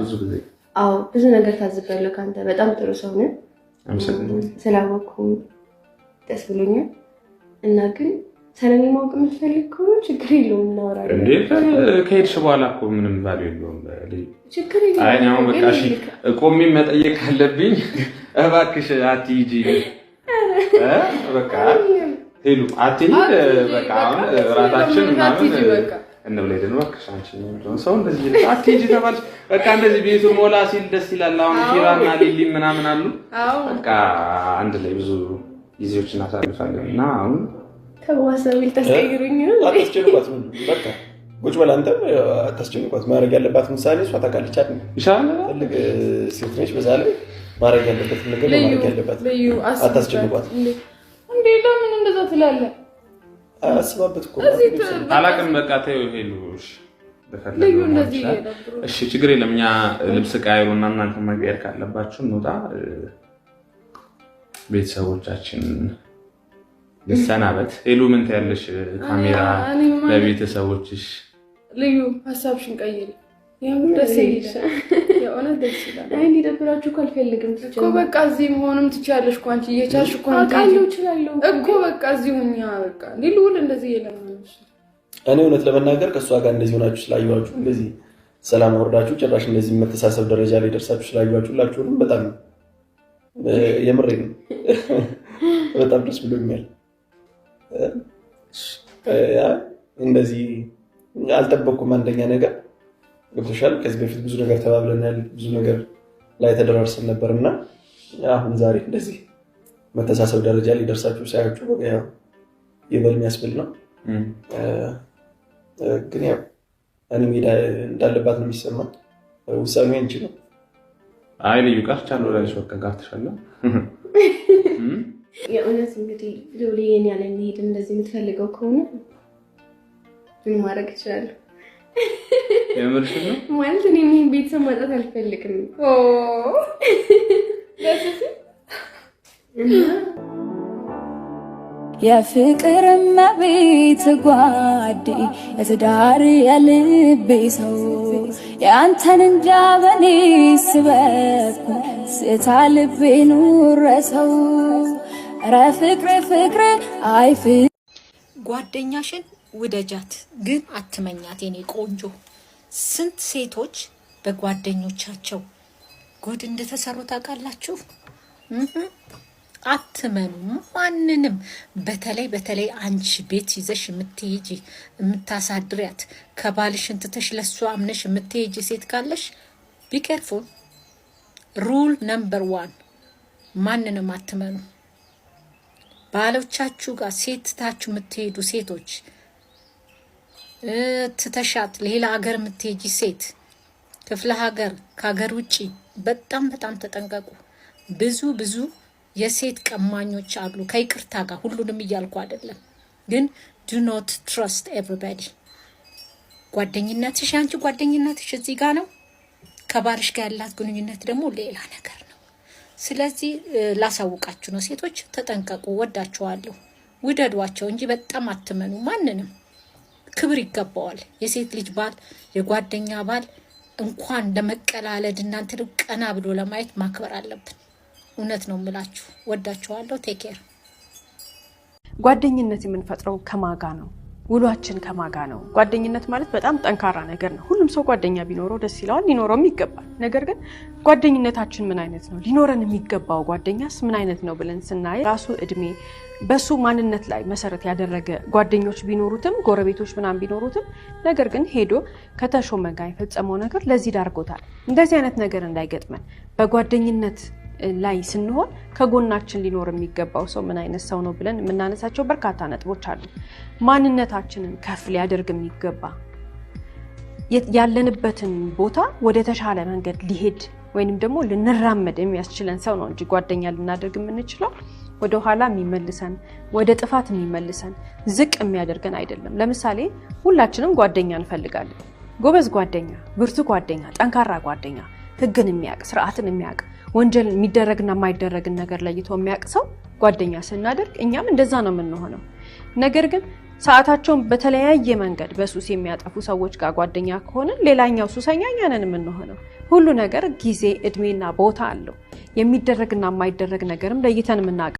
ብዙ ጊዜ። አዎ ብዙ ነገር ታዝቤያለሁ ከአንተ። በጣም ጥሩ ሰው ነህ። ስላወቅኩ ደስ ብሎኛል። እና ግን ሰለኒ ማወቅ የምትፈልግ ከሆነ ችግር የለውም እናወራለን። እንዴ ከሄድሽ በኋላ እኮ ምንም ባል የለውም። ችግር የለውም። በቃ ቆሜ መጠየቅ ካለብኝ እባክሽ አትሂጂ በቃ ሄሉ አትሂድ በቃ እራታችን ምናምን እንብላይ ደግሞ ከሻንቺ ነው ሰው እንደዚህ ይላል። አትሄጂ ተባልሽ በቃ እንደዚህ ቤቱ ሞላ ሲል ደስ ይላል። አሁን ኪራና ሊሊ ምናምን አሉ። በቃ አንድ ላይ ብዙ ጊዜዎች እናሳልፋለን እና አሁን ተዋሰብል ተስተይሩኝ አትስጨንቋት። በቃ ቁጭ በል አንተም አታስጨንቋት። ማድረግ ያለባት ምሳሌ እሷ ታውቃለች አይደል? ኢንሻአላህ ትልቅ ሴት ነች። በዛ ላይ ማድረግ ያለበት ነገር ማድረግ ያለባት አታስጨንቋት። እንዴ ለምን እንደዛ ትላለህ? አስባበት እኮ አላቅም። በቃ ተይው ሄሉ። እሺ ችግር የለም። እኛ ልብስ ቀያይሩ እና እናንተ መቀየር ካለባችሁ እንውጣ። ቤተሰቦቻችን ልሰናበት። ሄሉ ምን ትያለሽ? ካሜራ ለቤተሰቦችሽ ልዩ ሀሳብሽን ቀይሪ የእውነት ደስ ይላል። አይ እንዲደብራችሁ እኮ አልፈልግም እኮ በቃ እዚህ መሆንም ትችያለሽ እኮ አንቺ እየቻልሽ እኮ እችላለሁ እኮ በቃ እዚህ ሁኛ በቃ ልውል እንደዚህ እኔ እውነት ለመናገር ከእሷ ጋር እንደዚህ ሆናችሁ ስላየኋችሁ እንደዚህ ሰላም አውርዳችሁ ጭራሽ እንደዚህ መተሳሰብ ደረጃ ላይ ደርሳችሁ ስላየኋችሁ ሁላችሁንም በጣም የምሬ ነው በጣም ደስ ብሎኛል። እንደዚህ አንደኛ ነገር ገብቶሻል። ከዚህ በፊት ብዙ ነገር ተባብለናል፣ ብዙ ነገር ላይ ተደራርሰን ነበር እና አሁን ዛሬ እንደዚህ መተሳሰብ ደረጃ ሊደርሳችሁ ሳያችሁ በገያ ይበል የሚያስብል ነው። ግን ያው እኔ ሜዳ እንዳለባት ነው የሚሰማ። ውሳኔ አንቺ ነው። አይ ልዩ ቀርቻለሁ እላለች። በቃ ቀርተሻል። የእውነት እንግዲህ ሎሌን ያለ መሄድ እንደዚህ የምትፈልገው ከሆነ ምን ማድረግ ይችላለሁ? የምርሽ ነው ማለት እኔ ይሄን ቤተሰብ ማጣት አልፈልግም። ኦ የፍቅር መቤት ጓዴ የትዳር የልቤ ሰው የአንተን እንጃ በኔ ስበኩ ስታ ልቤ ኑረ ሰው ረ ፍቅር ፍቅር አይ ጓደኛሽን ውደጃት፣ ግን አትመኛት። የኔ ቆንጆ ስንት ሴቶች በጓደኞቻቸው ጉድ እንደተሰሩ ታውቃላችሁ። አትመኑ ማንንም። በተለይ በተለይ አንቺ ቤት ይዘሽ የምትሄጂ የምታሳድሪያት ከባልሽ እንትተሽ ለሱ አምነሽ የምትሄጂ ሴት ካለሽ ቢኬርፉል። ሩል ነምበር ዋን ማንንም አትመኑ። ባሎቻችሁ ጋር ሴትታችሁ የምትሄዱ ሴቶች ትተሻት ሌላ ሀገር የምትሄጂ ሴት ክፍለ ሀገር፣ ከሀገር ውጭ በጣም በጣም ተጠንቀቁ። ብዙ ብዙ የሴት ቀማኞች አሉ። ከይቅርታ ጋር ሁሉንም እያልኩ አይደለም፣ ግን ዱ ኖት ትረስት ኤቭሪባዲ። ጓደኝነትሽ አንቺ ጓደኝነትሽ እዚህ ጋር ነው። ከባልሽ ጋር ያላት ግንኙነት ደግሞ ሌላ ነገር ነው። ስለዚህ ላሳውቃችሁ ነው ሴቶች ተጠንቀቁ። ወዳችኋለሁ፣ ውደዷቸው እንጂ በጣም አትመኑ ማንንም ክብር ይገባዋል። የሴት ልጅ ባል፣ የጓደኛ ባል እንኳን ለመቀላለድ እናንተ ቀና ብሎ ለማየት ማክበር አለብን። እውነት ነው የምላችሁ። ወዳችኋለሁ። ቴኬር ጓደኝነት የምንፈጥረው ከማጋ ነው ውሏችን ከማጋ ነው። ጓደኝነት ማለት በጣም ጠንካራ ነገር ነው። ሁሉም ሰው ጓደኛ ቢኖረው ደስ ይለዋል፣ ሊኖረውም ይገባል። ነገር ግን ጓደኝነታችን ምን አይነት ነው፣ ሊኖረን የሚገባው ጓደኛስ ምን አይነት ነው ብለን ስናይ ራሱ እድሜ በሱ ማንነት ላይ መሰረት ያደረገ ጓደኞች ቢኖሩትም ጎረቤቶች ምናምን ቢኖሩትም ነገር ግን ሄዶ ከተሾመ ጋር የፈጸመው ነገር ለዚህ ዳርጎታል። እንደዚህ አይነት ነገር እንዳይገጥመን በጓደኝነት ላይ ስንሆን ከጎናችን ሊኖር የሚገባው ሰው ምን አይነት ሰው ነው ብለን የምናነሳቸው በርካታ ነጥቦች አሉ። ማንነታችንን ከፍ ሊያደርግ የሚገባ ያለንበትን ቦታ ወደ ተሻለ መንገድ ሊሄድ ወይንም ደግሞ ልንራመድ የሚያስችለን ሰው ነው እንጂ ጓደኛ ልናደርግ የምንችለው ወደ ኋላ የሚመልሰን ወደ ጥፋት የሚመልሰን ዝቅ የሚያደርገን አይደለም። ለምሳሌ ሁላችንም ጓደኛ እንፈልጋለን። ጎበዝ ጓደኛ፣ ብርቱ ጓደኛ፣ ጠንካራ ጓደኛ ህግን የሚያውቅ ስርዓትን የሚያውቅ ወንጀል የሚደረግና የማይደረግን ነገር ለይቶ የሚያውቅ ሰው ጓደኛ ስናደርግ እኛም እንደዛ ነው የምንሆነው። ነገር ግን ሰዓታቸውን በተለያየ መንገድ በሱስ የሚያጠፉ ሰዎች ጋር ጓደኛ ከሆንን ሌላኛው ሱሰኛ እኛ ነን የምንሆነው። ሁሉ ነገር ጊዜ፣ እድሜና ቦታ አለው። የሚደረግና የማይደረግ ነገርም ለይተን የምናውቅ